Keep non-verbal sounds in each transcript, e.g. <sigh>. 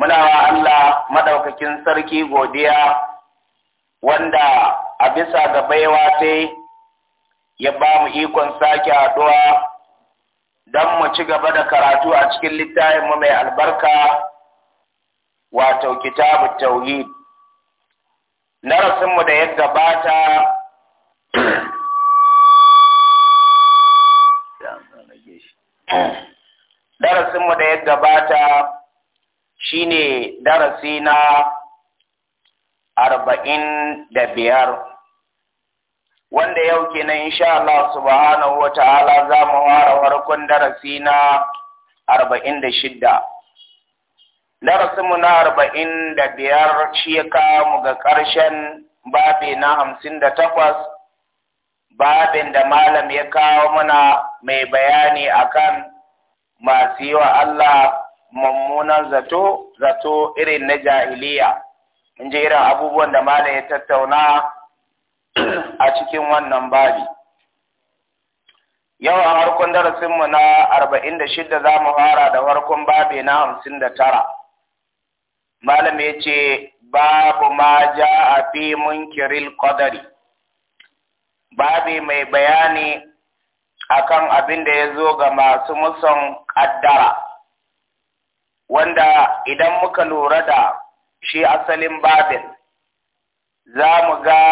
muna wa Allah madaukakin sarki godiya wanda a bisa ga baiwa sai ya ba mu ikon sake haɗuwa don mu ci gaba da karatu a cikin littafinmu mai albarka wato kitabu tauhid darasinmu da ya gabata <coughs> darasinmu da ya gabata Shi ne darasi na arba'in da biyar wanda yau kenan insha Allah subhanahu wa ta'ala za mu fara farkon darasi na arba'in da shidda darasinmu na arba'in da biyar shi ya kawo mu ga ƙarshen babi na hamsin da takwas babin da malam ya kawo mana mai bayani akan masu yi wa Allah mummunan zato zato irin na jahiliya in ji irin abubuwan da malam ya tattauna a cikin wannan babi yau a harkon darasinmu na arba'in da shida za mu fara da harkon babi na hamsin da tara malam ya ce babu ma ja a fi munkiril qadari babi mai bayani akan abin da ya zo ga masu musan kaddara. wanda idan muka lura da shi asalin babin za mu ga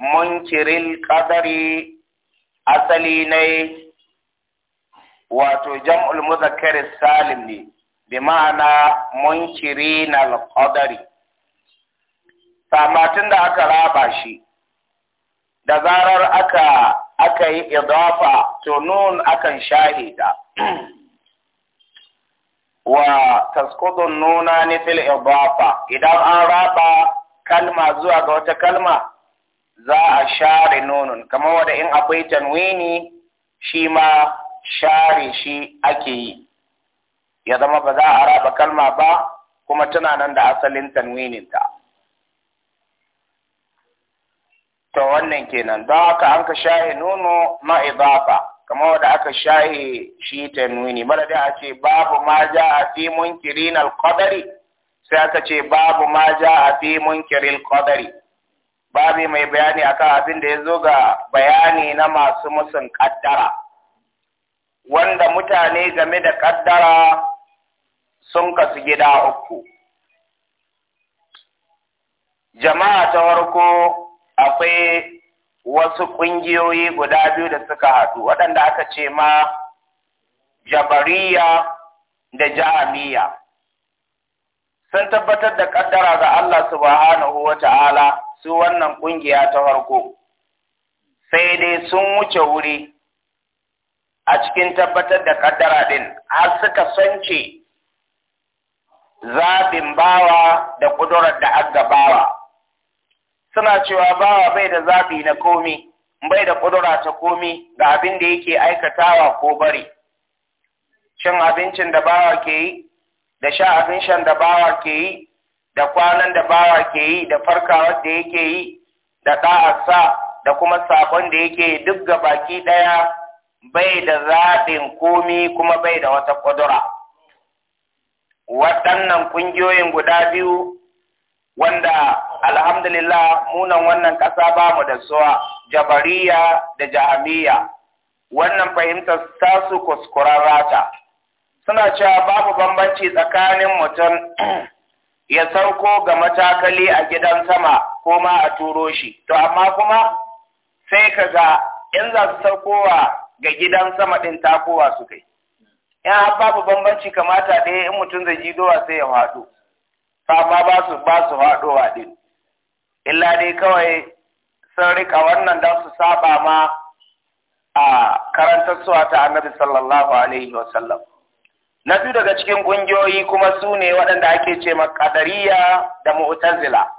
munkirin ƙadari asali ne wato jam'ul muzakkarin salim ne bi ma'ana munkirin al-ƙadari samatin da aka raba shi da zarar aka aka yi idafa to nun akan shahida <clears throat> wa taskudun nuna ni fil idafa idan an raba kalma zuwa ga wata kalma za a share nunun kamar wanda in akwai tanwini shi ma share shi ake yi ya zama ba za a raba kalma ba kuma tana nan da asalin ta to wannan kenan don haka an ka share nuno ma idafa kamar wanda aka shahi shi nuni, mara da a ce babu ma ja a fi munkirin alqadari sai aka ce babu ma ja a fi munkirin qadari babu mai bayani akan abin da ya zo ga bayani na masu musun kaddara wanda mutane game da kaddara sun kasu gida uku jama'a ta farko akwai wasu ƙungiyoyi guda biyu da suka haɗu waɗanda aka ce ma jabariya da Jamiya. sun tabbatar da ƙaddara ga Allah subhanahu wa ta'ala su wannan ƙungiya ta farko sai dai sun wuce wuri a cikin tabbatar da ƙaddara ɗin har suka sance zaɓin bawa da ƙudurar da aggabawa. bawa suna cewa bawa bai da zabi na komi bai da ƙudura ta komi ga abin da yake aikatawa ko bari Shin abincin da bawa ke yi da sha abin da bawa ke yi da kwanan da bawa ke yi da farkawar da yake yi da ɗa'arsa da kuma saƙon da yake yi duk ga baki ɗaya bai da zaɓin komi kuma bai da wata ƙudura waɗannan ƙungiyoyin guda biyu wanda alhamdulillah munan wannan ƙasa ba mu da suwa jabariya da jahamiya wannan fahimtar tasu kuskuren rata suna cewa babu bambanci tsakanin mutum <clears throat> ya sauko ga matakali a gidan sama ko ma a turo shi to amma kuma sai ka ga in za su saukowa ga gidan sama ɗin takowa su kai in babu bambanci kamata ɗaya in mutum zai ji dowa sai ya faɗo amma ba su ba su faɗowa ɗin illa dai kawai sun rika wannan don su saba ma a karantar ta annabi sallallahu alaihi wasallam na biyu daga cikin ƙungiyoyi kuma su ne waɗanda ake ce makadariya da mu'tazila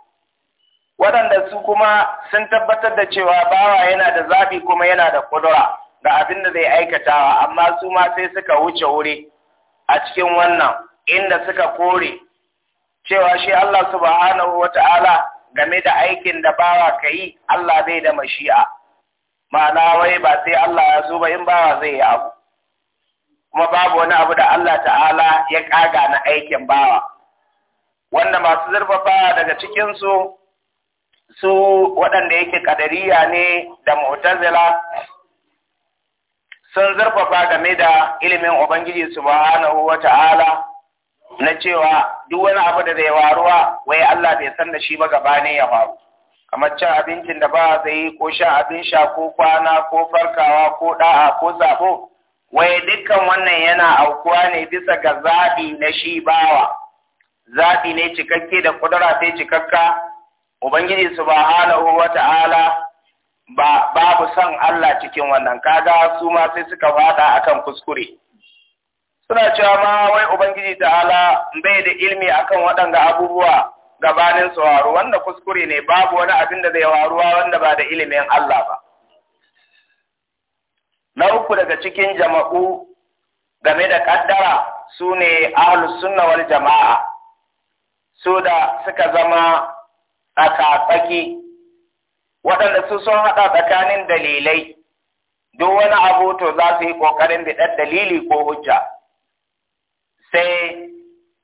waɗanda su kuma sun tabbatar da cewa bawa yana da zaɓi kuma yana da ƙudura ga abin da zai aikatawa amma su ma sai suka wuce wuri a cikin wannan inda suka kore cewa shi Allah subhanahu Ta'ala. game da aikin da bawa ka yi Allah bai da mashi'a ma'ana wai ba sai Allah ya so ba in bawa zai yi abu kuma babu wani abu da Allah ta'ala ya kaga na aikin bawa wanda masu zurfa bawa daga cikinsu su waɗanda yake kadariya ne da mu'tazila sun zurfafa game da ilimin ubangiji subhanahu wa ta'ala na cewa duk wani abu da zai waruwa wai Allah bai san da shi ba gaba ne ya faru kamar cin abincin da ba zai yi ko sha abin sha ko kwana ko farkawa ko da'a ko zabo wai dukkan wannan yana aukuwa ne bisa ga zaɓi na shi bawa zaɓi ne cikakke da kudura sai cikakka ubangiji subhanahu wata'ala ba babu son Allah cikin wannan kaga su ma sai suka fada akan kuskure suna cewa ma wai ubangiji ta'ala bai da ilmi akan waɗanga abubuwa gabanin su waru wanda kuskure ne babu wani abin da zai waruwa wanda ba da ilimin Allah ba na uku daga cikin jama'u game da ƙaddara su ne sunna jama'a su da suka zama tsakatsaki waɗanda su sun haɗa tsakanin dalilai duk wani abu to za su yi ƙoƙarin biɗar dalili ko hujja sai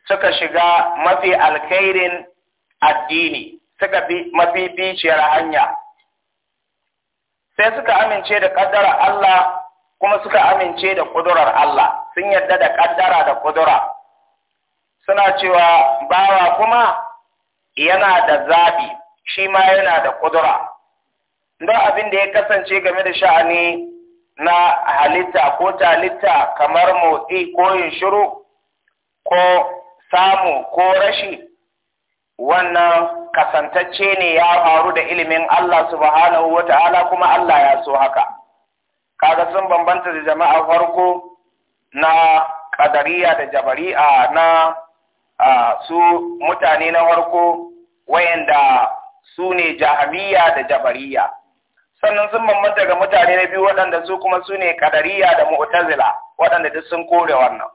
suka shiga mafi alkhairin addini suka fi mafi biciyar hanya sai suka amince da ƙaddarar Allah kuma suka amince da ƙudurar Allah sun yadda da ƙaddara da ƙudura suna cewa bawa kuma yana da zabi shi ma yana da ƙudura don abin da ya kasance game da sha'ani na halitta ko talitta kamar motsi ko yin shiru ko samu ko rashi wannan kasantacce ne ya faru da ilimin Allah subhanahu wa ta'ala kuma Allah ya so haka kaga sun bambanta da jama'a farko na ƙadariya da jabari'a na su mutane na farko wayanda su ne jahamiya da jabariya sannan sun bambanta ga mutane na biyu waɗanda su kuma su ne ƙadariya da mu'tazila waɗanda duk sun kore wannan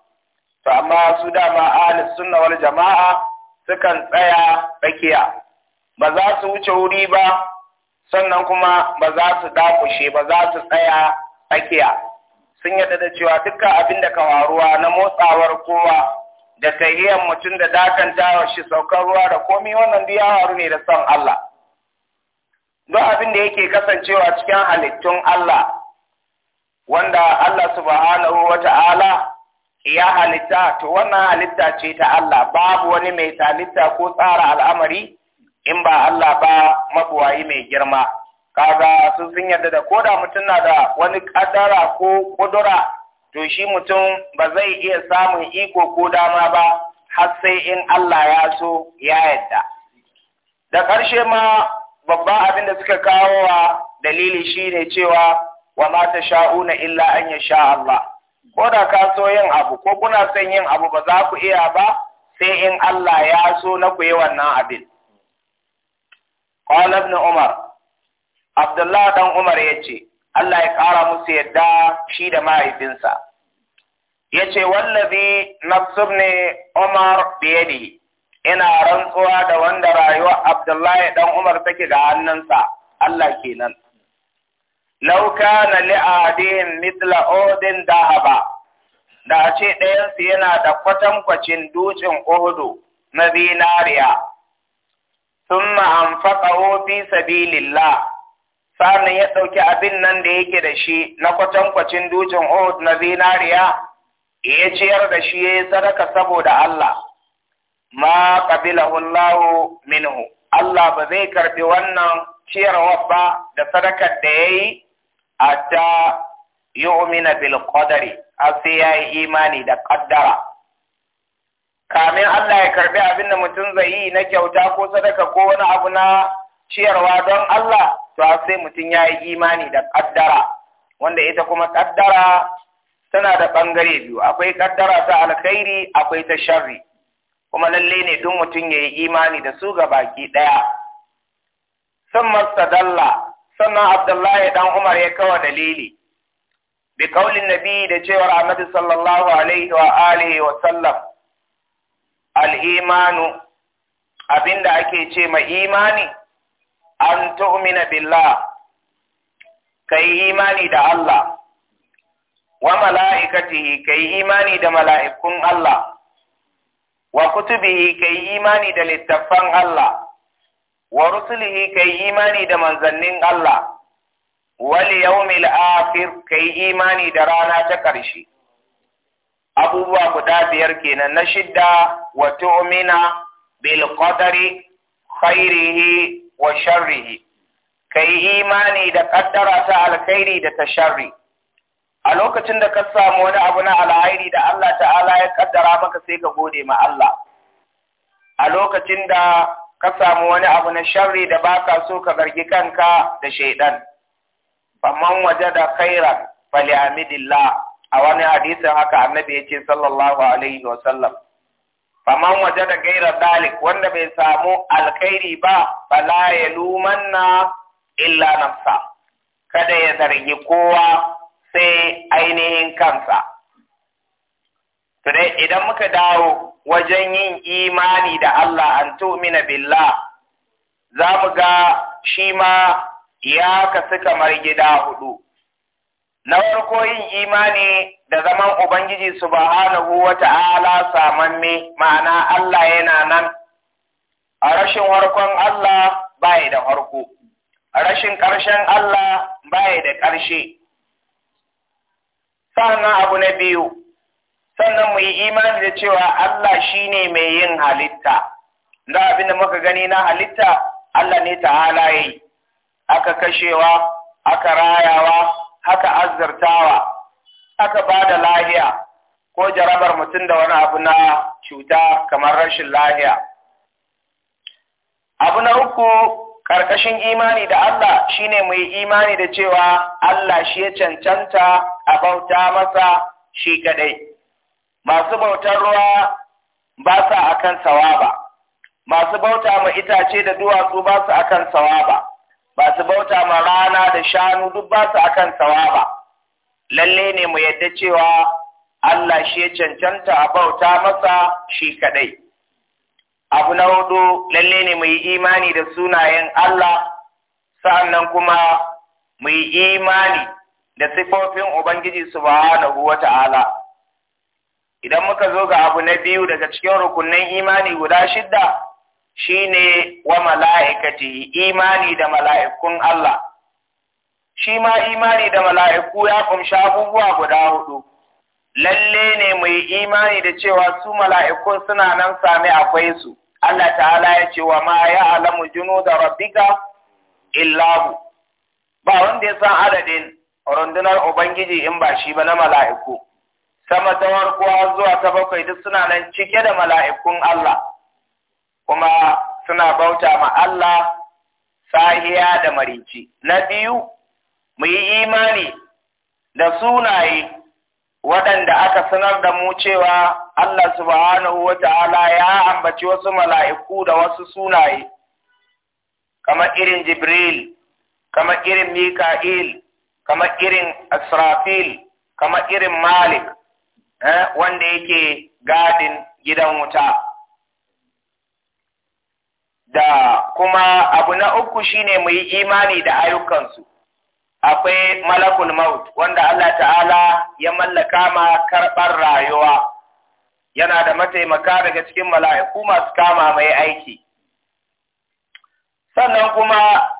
to amma su dama ahli sunna wal jama'a sukan tsaya tsakiya ba za su wuce wuri ba sannan kuma ba za su dakushe ba za su tsaya tsakiya sun yadda da cewa dukkan abin da ka waruwa na motsawar kowa da tahiyyar mutum da dakantawar shi saukar ruwa da komi wannan duk ya ne da son Allah duk abin da yake kasancewa cikin halittun Allah wanda Allah subhanahu wa ta'ala ya halitta to wannan halitta ce ta Allah babu wani mai halitta ko tsara al'amari in ba Allah ba mabuwayi mai girma kaga sun sun yarda da koda mutum na da wani kadara ko kudura to shi mutum ba zai iya samun iko ko dama ba har sai in Allah ya so ya yadda. da karshe ma babba abin da suka kawo wa dalili shine cewa wa ma sha'una illa an yasha Allah ko da ka so yin abu ko kuna son yin abu ba za ku iya ba sai in Allah ya so na ku yi wannan abin qala ibn umar abdullah dan umar ya ce, Allah ya ƙara musu yadda shi da mahaifinsa Ya ce wallazi nafsu ibn umar biyadihi ina rantsuwa da wanda rayuwa abdullah ɗan umar take ga hannunsa Allah kenan Lauka na li adihim mithla da a ce ɗayansu yana da kwatankwacin dutsen Ohudu na zinariya thumma anfaqahu fi sabilillah sannan ya ɗauki abin nan da yake da shi na kwatankwacin dutsen Ohudu na zinariya ya ciyar da shi ya yi sadaka saboda Allah ma ƙabila Allah minhu Allah ba zai karɓi wannan ciyarwa ba da sadakar da ya yi? hatta yu'mina bil qadari sai ya yi imani da qaddara kamin Allah ya karbi abin da mutum zai yi na kyauta ko sadaka ko wani abu na ciyarwa don Allah to sai mutum ya yi imani da qaddara wanda ita kuma qaddara tana da bangare biyu akwai qaddara ta alkhairi akwai ta sharri kuma lalle ne duk mutum ya yi imani da su ga baki daya sun dalla sannan Abdullahi dan Umar ya kawo dalili bi kaulin nabi da cewar ahmadu sallallahu alaihi wa alihi wa sallam al abinda ake ce ma imani an tu'mina billah yi imani da Allah wa mala'ikatihi yi imani da mala'ikun Allah wa kutubihi yi imani da littattafan Allah wa rusulihi kai imani da manzannin Allah wal yawmil akhir kai imani da rana ta ƙarshe abubuwa guda biyar kenan na shidda wa tu'mina bil qadari khairihi wa sharrihi kai imani da kaddara ta alkhairi da ta sharri a lokacin da ka samu wani abu na alhairi da Allah ta'ala ya kaddara maka sai ka gode ma Allah a lokacin da ka samu wani abu na sharri da baka so ka zargi kanka da shaidan faman wajada khairan falyamidillah a wani hadisin haka annabi yace sallallahu alaihi wa sallam faman wajada gaira dalik wanda bai samu alkhairi ba fala yalumanna illa nafsa kada ya zargi kowa sai ainihin kansa to idan muka dawo wajen yin imani da Allah an tu'mina billah za mu ga shi ma ya kasu kamar gida hudu na farko yin imani da zaman ubangiji subhanahu saman samamme ma'ana Allah yana nan a rashin harkon Allah baya da harko rashin ƙarshen Allah baya da ƙarshe sannan abu na biyu sannan mu yi imani da cewa Allah shi ne mai yin halitta da abin da muka gani na halitta Allah ne ta yi aka kashewa aka rayawa haka azurtawa, aka ba da lahiya ko jarabar mutum da wani abu na cuta kamar rashin lahiya abu na uku ƙarƙashin imani da Allah shi ne mu yi imani da cewa Allah shi ya cancanta a bauta masa shi kadai masu bautar ruwa ba sa akan sawaba masu bauta ma itace da duwatsu ba su akan sawaba masu bauta ma rana da shanu duk ba su akan sawaba lalle ne mu yadda cewa Allah shi ya cancanta a bauta masa shi kadai abu na hudu lalle ne mu yi imani da sunayen Allah sa'annan kuma mu yi imani da sifofin Ubangiji subhanahu wa ta'ala idan muka zo ga abu na biyu daga cikin rukunin imani guda shidda shine wa mala'ikati imani da mala'ikun Allah shi ma imani da mala'iku ya kumshi abubuwa guda hudu lalle ne mai imani da cewa su mala'ikun suna nan sami akwai su Allah ta'ala ya ce wa ma ya alamu junu da rabbika illahu ba wanda ya san adadin rundunar ubangiji in ba shi ba na mala'iku sama ta warkuwa zuwa ta bakwai duk suna nan cike da mala'ikun Allah kuma suna bauta ma Allah sahiya da marici na biyu mu yi imani da sunaye waɗanda aka sanar da mu cewa Allah subhanahu wa ta'ala ya ambaci wasu mala'iku da wasu sunaye, kamar irin Jibril, kamar irin Mika'il, kamar irin Asrafil, kamar irin Malik, Eh, wanda yake gadin gidan wuta da kuma abu na uku shine mu yi imani da ayyukansu akwai malakul maut wanda Allah ta'ala ya mallaka ma karɓar rayuwa yana da mataimaka daga cikin mala'iku masu kama mai aiki sannan kuma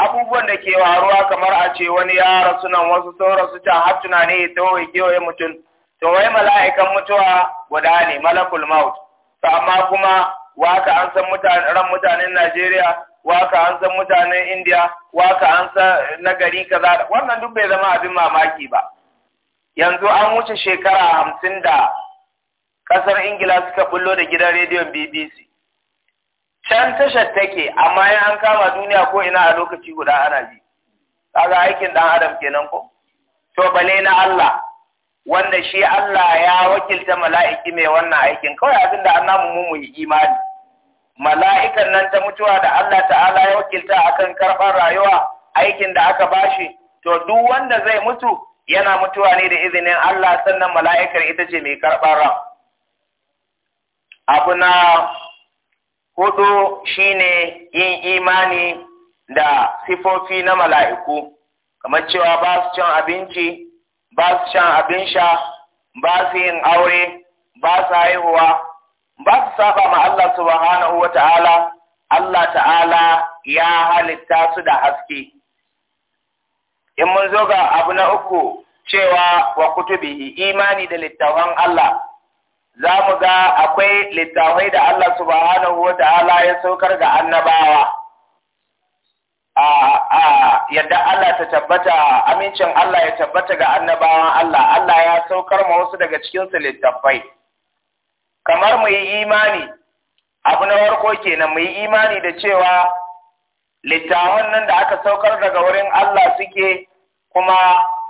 abubuwan da ke waruwa kamar a ce wani ya rasu nan wasu sun rasu ta har tunani ya kewaye mutum to wai mala'ikan mutuwa guda ne malakul maut to amma kuma waka an san mutane ran mutanen Najeriya waka an san mutanen India waka an san na gari kaza wannan duk bai zama abin mamaki ba yanzu an wuce shekara hamsin da kasar Ingila suka bullo da gidan rediyon BBC can tashar take amma in an kama duniya ko ina a lokaci guda ana ji kaga aikin dan adam kenan ko to bale na Allah wanda shi Allah ya wakilta mala'iki mai wannan aikin kawai abin da annamu mu mu yi imani mala'ikan nan ta mutuwa da Allah ta'ala ya wakilta akan karɓar rayuwa aikin da aka bashi to duk wanda zai mutu yana mutuwa ne da izinin Allah sannan mala'ikar ita ce mai karɓar ran abu na hudu shine yin imani da sifofi na mala'iku kamar cewa ba su cin abinci ba su shan abin sha ba su yin aure ba su haihuwa ba su saba ma Allah subhanahu wa ta'ala Allah ta'ala ya halitta su da haske in mun zo ga abu na uku cewa wa kutubihi imani da littafan Allah za mu ga akwai littafai da Allah subhanahu wa ta'ala ya saukar ga annabawa a yadda Allah ta tabbata amincin Allah ya tabbata ga annabawan Allah Allah ya saukar mu wasu daga cikin su littafai kamar mu yi imani abu na farko kenan mu yi imani da cewa littafan nan da aka saukar daga wurin Allah suke kuma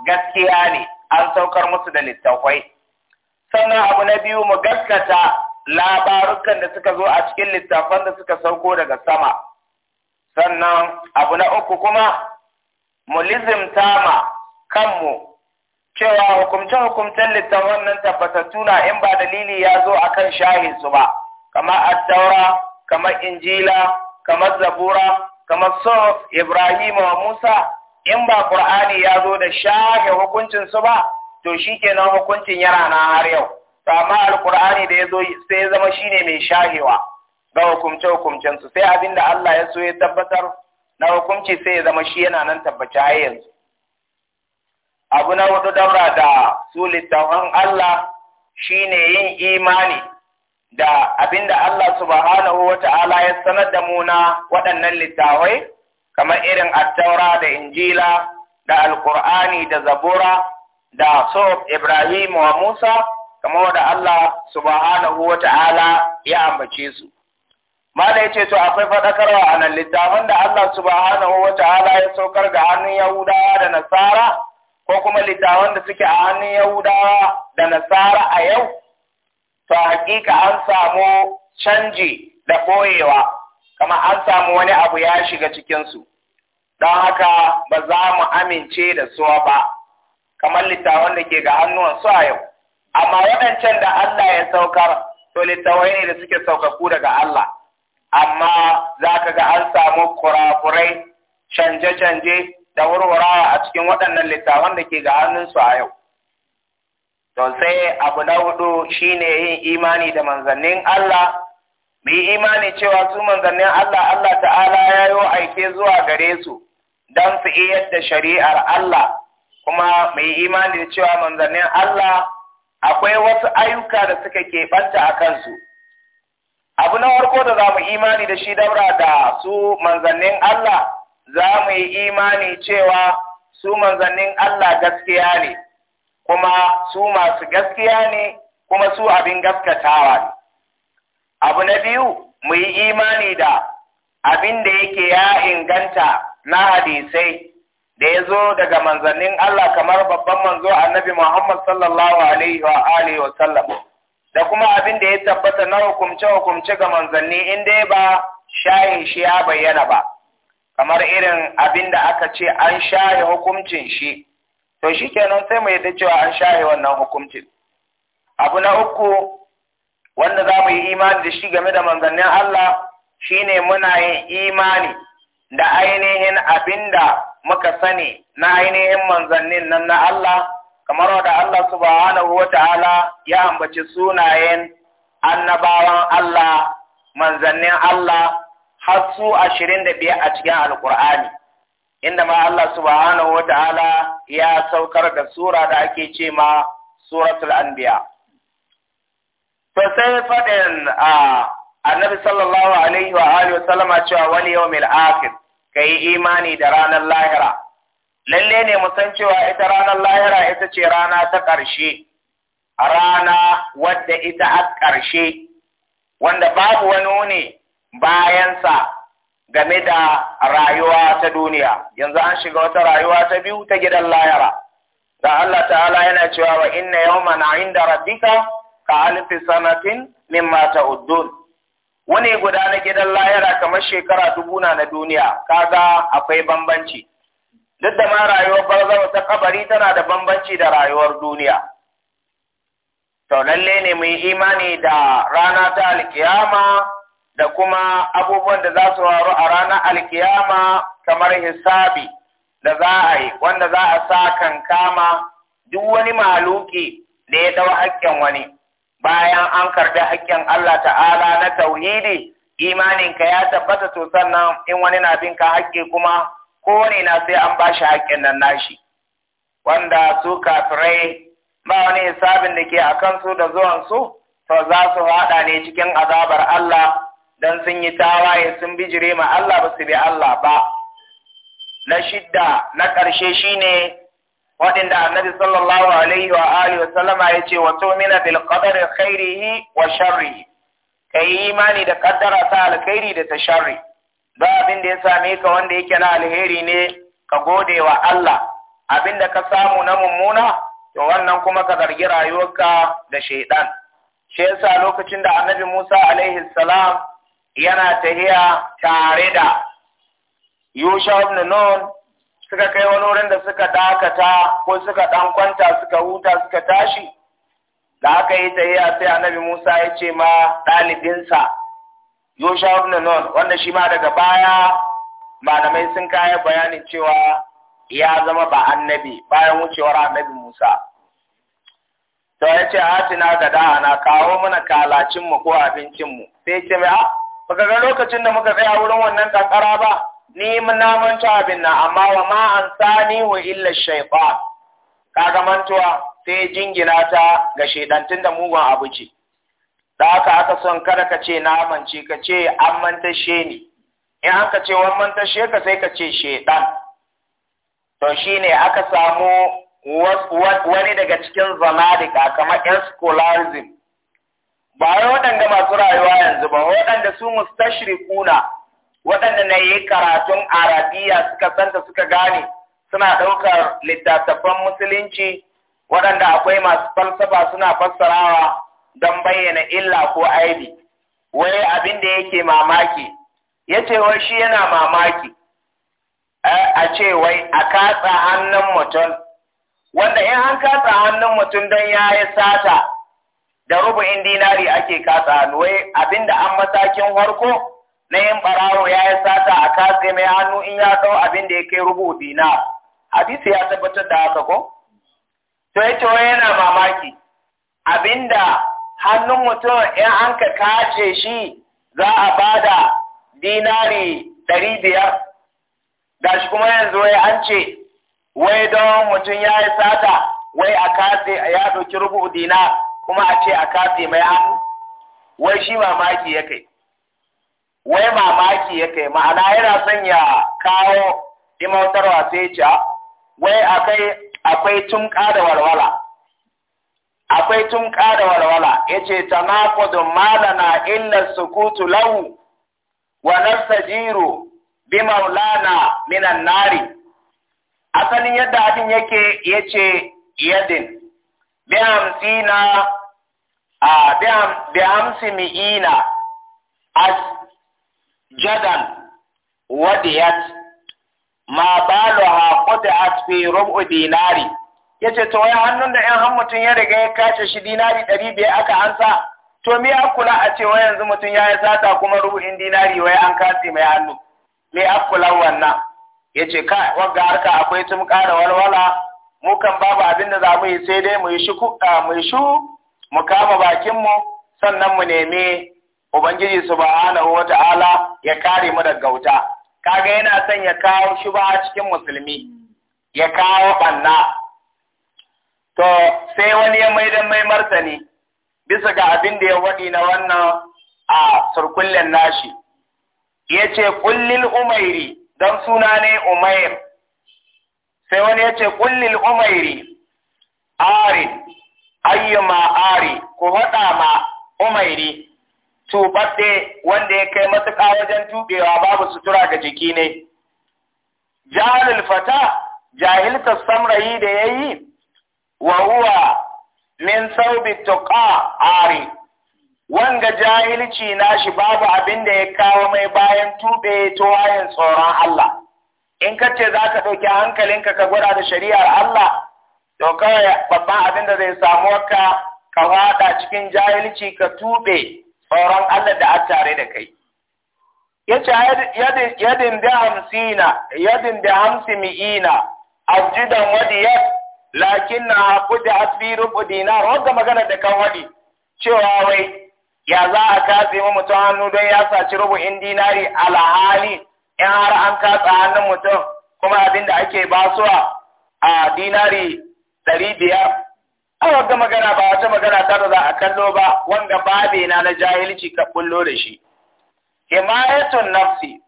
gaskiya ne an saukar musu da littafai sannan abu na biyu mu gaskata labarukan da suka zo a cikin littafan da suka sauko daga sama sannan abu na uku kuma mulizim tama ma kanmu cewa hukumce-hukumcen littafin nan tabbatattu na in ba dalili ya zo a kan shahinsu ba kamar attaura kamar injila kamar zabura kamar so ibrahim wa musa in ba ƙur'ani ya zo da shahin hukuncinsu ba to shi kenan hukuncin yana na har yau to amma alƙur'ani da ya zo sai ya zama shine mai shahewa ga hukumce-hukumcensu sai abin da Allah ya so ya tabbatar na hukumci sai ya zama shi yana nan tabbaci a yanzu. Abu na hudu daura da su littafan Allah shi ne yin imani da abin da Allah subhanahu wa ta'ala ya sanar da muna waɗannan littafai kamar irin attaura da injila da alkur'ani da zabura da so Ibrahim wa Musa kamar da Allah subhanahu wa ta'ala ya ambace su. Mala yace to akwai faɗakarwa a nan littafin da Allah subhanahu wa ta'ala ya saukar ga hannun Yahudawa da Nasara ko kuma littafin da suke a hannun Yahudawa da Nasara a yau to hakika an samu canji da koyewa kama an samu wani abu ya shiga cikin su don haka ba za mu amince da su ba kamar littafin da ke ga hannuwan su a yau amma waɗancan da Allah ya saukar to littafin ne da suke saukaku daga Allah amma za ka ga an samu kurakurai canje-canje da wurwurawa a cikin waɗannan littafan da ke ga hannunsu a yau. To sai abu na hudu shine yin imani da manzannin Allah, mu yi imani cewa su manzannin Allah Allah ta'ala ya yi aike zuwa gare su don su iya da shari'ar Allah, kuma mu yi imani da cewa manzannin Allah akwai wasu ayyuka da suka keɓanta a kansu. abu na farko da za mu imani da shi daura da su manzannin Allah za mu yi imani cewa su manzannin Allah gaskiya ne kuma su masu gaskiya ne kuma su abin gaskatawa ne abu na biyu mu yi imani da abin da yake ya inganta na hadisai da ya zo daga manzannin Allah kamar babban manzo annabi Muhammad sallallahu alaihi wa alihi wa sallam da kuma abin da ya tabbata na hukumce-hukumce ga manzanni in dai ba shayin shi ya bayyana ba kamar irin abin da aka ce an shaye hukumcin shi to shi kenan sai mu yadda cewa an shaye wannan hukumcin abu na uku wanda za mu yi imani da shi game da manzannin Allah shine muna yin imani da ainihin abin da muka sani na ainihin manzannin nan na Allah kamar wadda Allah subhanahu wa ta'ala ya ambaci sunayen annabawan Allah manzannin Allah har su ashirin da a cikin alkur'ani inda ma Allah subhanahu wa ta'ala ya saukar da sura da ake ce ma suratul anbiya to sai faɗin a annabi sallallahu alaihi wa alihi wa sallama cewa yau yawmil akhir kai imani da ranar lahira lalle ne mu san cewa ita ranar lahira ita ce rana ta ƙarshe rana wadda ita a ƙarshe wanda babu wani ne bayansa game da rayuwa ta duniya yanzu an shiga wata rayuwa ta biyu ta gidan lahira da Allah ta'ala yana cewa wa inna yin 'inda rabbika ka alfi sanatin mimma ta'uddun wani guda na gidan lahira kamar shekara dubu na na duniya kaga akwai bambanci duk da ma rayuwar barzawa ta kabari tana da bambanci da rayuwar duniya to lalle ne mu yi imani da rana ta alkiyama da kuma abubuwan da za su faru a rana alkiyama kamar hisabi da za a yi wanda za a sa kan kama duk wani maluki da ya dau haƙƙin wani bayan an karɓi haƙƙin Allah ta'ala na tauhidi imaninka ya tabbata to sannan in wani na bin ka haƙƙi kuma kowane na sai an ba shi haƙƙin nan nashi wanda su kafirai ba wani hisabin da ke a kansu da zuwan su to za su haɗa ne cikin azabar Allah don sun yi tawaye sun bijire ma Allah ba su bi Allah ba na shidda na ƙarshe shi ne waɗanda annabi sallallahu alaihi wa alihi wa sallama ya ce wa tumina bil qadari khairihi wa sharrihi kai imani da kaddara ta alkhairi da ta sharri ba abin da ya same ka wanda yake na alheri ne ka gode wa Allah abin da ka samu na mummuna to wannan kuma ka zargi rayuwarka da shaidan shi yasa lokacin da annabi Musa alaihi salam yana tahiya tare da Yusha ibn Nun suka kai wani wurin da suka dakata ko suka dan kwanta suka huta suka tashi da aka yi tahiya sai annabi Musa ya ce ma ɗalibinsa yusha ibn nun wanda shi ma daga baya malamai sun kaya bayanin cewa ya zama ba annabi bayan wucewar annabi Musa to ya ce atina ga da'ana kawo mana kalacin mu ko abincin mu sai ce mai a baka ga lokacin da muka tsaya wurin wannan kankara ba ni na manta abin nan amma wa ma an sani wa illa shaytan kaga mantuwa sai jingina ta ga shedan da mugun abu ce da haka aka son kada ka ce na amince ka ce an mantashe ni in aka ce wan mantashe ka sai ka ce shedan to shine aka samu wani daga cikin zanadika kamar yan scholarism ba wai waɗanda masu rayuwa yanzu ba waɗanda su mustashrikuna waɗanda na yi karatun arabiya suka santa suka gane suna ɗaukar littattafan musulunci waɗanda akwai masu falsafa suna fassarawa don bayyana illa ko aibi wai abin da yake mamaki ya ce wai shi yana mamaki a ce wai a katsa hannun mutum wanda in an katsa hannun mutum don ya yi sata da rubu'in dinari ake katsa hannu wai abin da an matakin harko na yin barawo ya yi sata a katse mai hannu in ya kawo abin da ya kai rubu dinar hadisi ya tabbatar da haka ko to ya ce wai yana mamaki abinda hannun mutum in an ka kace shi za a bada dinari ɗari biyar shi kuma yanzu wai an ce wai don mutum ya yi sata wai a katse ya ɗauki rubu dina kuma a ce a kace mai hannu wai shi mamaki ya kai wai mamaki ya kai ma'ana yana son ya kawo imautarwa sai ce ah, wai akwai tumka da walwala akwai tun ƙara walwala yace tanaqudun malana illa kutu lahu wa jiro bi maulana minan nari asalin yadda abin yake ce yadin bi hamsina a bi hamsi as jadan wadiyat ma baluha qud'at fi rub'i dinari ya ce to ya hannun da 'yan mutum ya riga ya kace shi dinari ɗari biyar aka ansa to me ya kula a cewa yanzu mutum ya yi sata kuma rubu'in dinari wai an kasi mai hannu me ya kula wannan ya ce ka wagga harka akwai tun ƙara walwala mu kan babu abin da za mu yi sai dai mu yi shi mu yi shu mu kama bakinmu sannan mu nemi ubangiji subhanahu wata'ala ya kare mu daga wuta kaga yana son ya kawo shi ba cikin musulmi ya kawo ɓanna. to sai wani ya da mai martani bisa ga abin da ya waɗi na wannan a surkullen nashi ya ce kullil umairi don suna ne umair sai wani ya ce kullil umairi ari ayyuma ari ku faɗa ma umairi tubaɗe wanda ya kai matuƙa wajen tuɓewa babu sutura ga jiki ne jahalul fata jahilta samrayi da ya yi wa min saubi tuqa ari wanga jahilci nashi babu abin da ya kawo mai bayan tube to wayan tsoron Allah in ka ce za ka ɗauki hankalinka ka gwada da shari'ar Allah to kawai babban abin da zai samu ka ka wada cikin jahilci ka tube tsoron Allah da aka tare da kai ya ce yadin da hamsina yadin da hamsi mi'ina abjidan wadiyar lakin na kuda asfiru budina wanda magana da kan wadi cewa wai ya za a kasi mu mutum hannu don ya saci rubu'in dinari alhali in har an katsa hannun mutum kuma abin da ake basuwa a dinari ɗari biyar A wanda magana ba wata magana ta da za a kallo ba wanda babe na na jahilci ka bullo da shi himayatun nafsi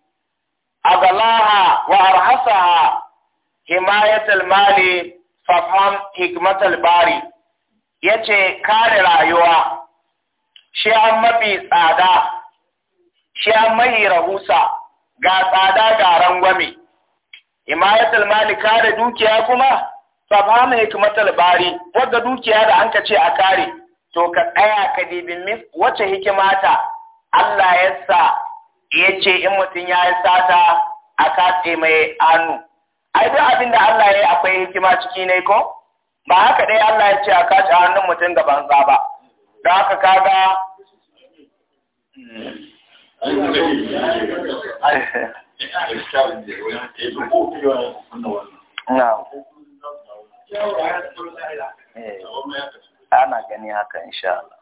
A galaha, wa arhasaha himayatul mali hikmat albari bari ce kare rayuwa shi an mafi tsada shi an mai rahusa ga tsada ga rangwame imayatul mali kare dukiya kuma fafan hikmatar bari wadda dukiya da anka ce a kare to ka tsaya ka dibin mis wace hikimata Allah ya sa ya ce in mutum ya yi sata a katse mai anu. ai duk abin da Allah ya yi akwai hikima ciki ne ko ba haka dai Allah ya ce a kaci hannun mutum da banza ba don haka kaga eh, ana gani haka insha Allah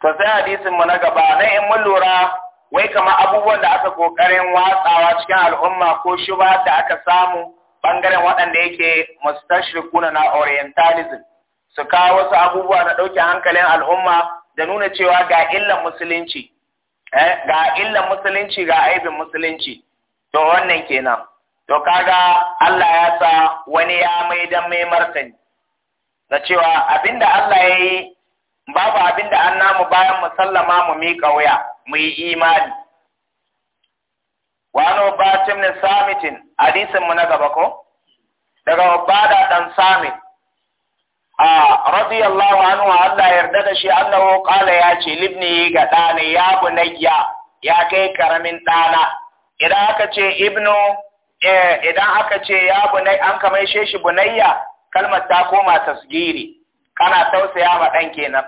to sai hadisin mu na gaba na in mun lura wai kama abubuwan da aka kokarin watsawa cikin al'umma ko shuba da aka samu bangaren waɗanda yake mustashriquna na orientalism su kawo wasu abubuwa na ɗauke hankalin al'umma da nuna cewa ga illan musulunci eh, ga illan musulunci ga aibin musulunci to wannan kenan to kaga Allah ya sa wani ya mai dan mai martani da cewa abinda Allah ya yi babu abinda an namu bayan musallama mu miƙa wuya mu yi imani wano ba ne samitin hadisin mu na gaba ko daga da dan samit a radiyallahu anhu Allah yarda da shi ya kala ya ce libni ga dani ya bunayya ya kai karamin dana idan aka ce ibnu eh, idan aka ce ya bunay an kamar shi bunayya kalmar ta koma tasgiri kana tausaya ma dan kenan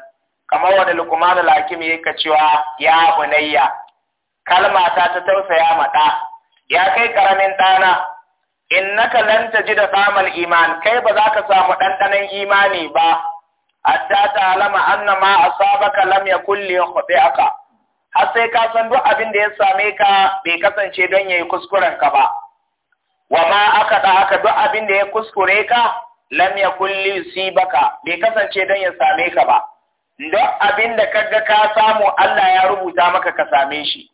kamar wani lukuman al-hakim yake cewa ya bunayya kalma ta ta tausaya ma ɗa ya kai karamin ɗana In innaka lan da samal iman kai ba za ka samu ɗanɗanon imani ba hatta ta alama anna ma asabaka lam yakul li yukhti'aka har sai ka san duk abin da ya same ka bai kasance don yayi kuskuren ka ba wa ma aka da haka duk abin da ya kuskure ka lam yakul li ka, bai kasance don ya same ka ba don abin da kaga ka samu Allah ya rubuta maka ka same shi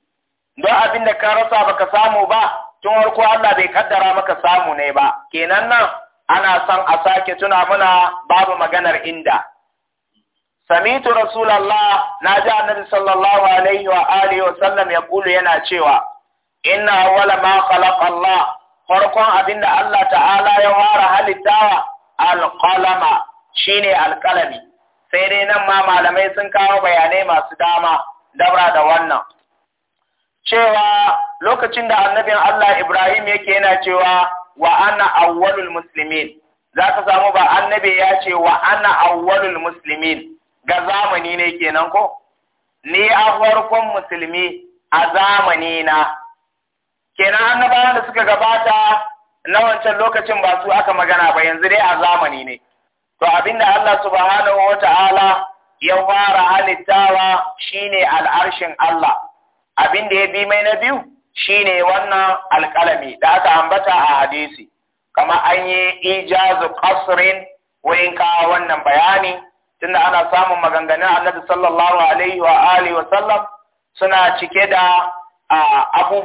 don abin da ka rasa baka samu ba tun harko Allah bai kaddara maka samu ne ba kenan nan ana son a sake tuna muna babu maganar inda samitu rasulallah na ji annabi sallallahu alaihi wa alihi wa sallam ya kulu yana cewa inna awwala ma khalaqa Allah farkon abin da Allah ta'ala ya fara halittawa alqalama shine alqalami sai dai nan ma malamai sun kawo bayanai masu dama dabra da wannan cewa lokacin da annabin Allah Ibrahim yake yana cewa wa ana awwalul muslimin za ka samu ba annabi ya ce wa ana awwalul muslimin ga zamani ne kenan ko ni a farkon musulmi a zamani na kenan annabawan da suka gabata na wancan lokacin ba su aka magana ba yanzu dai a zamani ne to abinda Allah subhanahu ya fara halittawa shine al'arshin Allah abinda ya bi mai na biyu shine wannan alƙalami da aka ambata a hadisi kama an yi ijazu qasrin wurin kawo wannan bayani tunda ana samun maganganun Annabi sallallahu alaihi wa sallam suna cike da abubuwa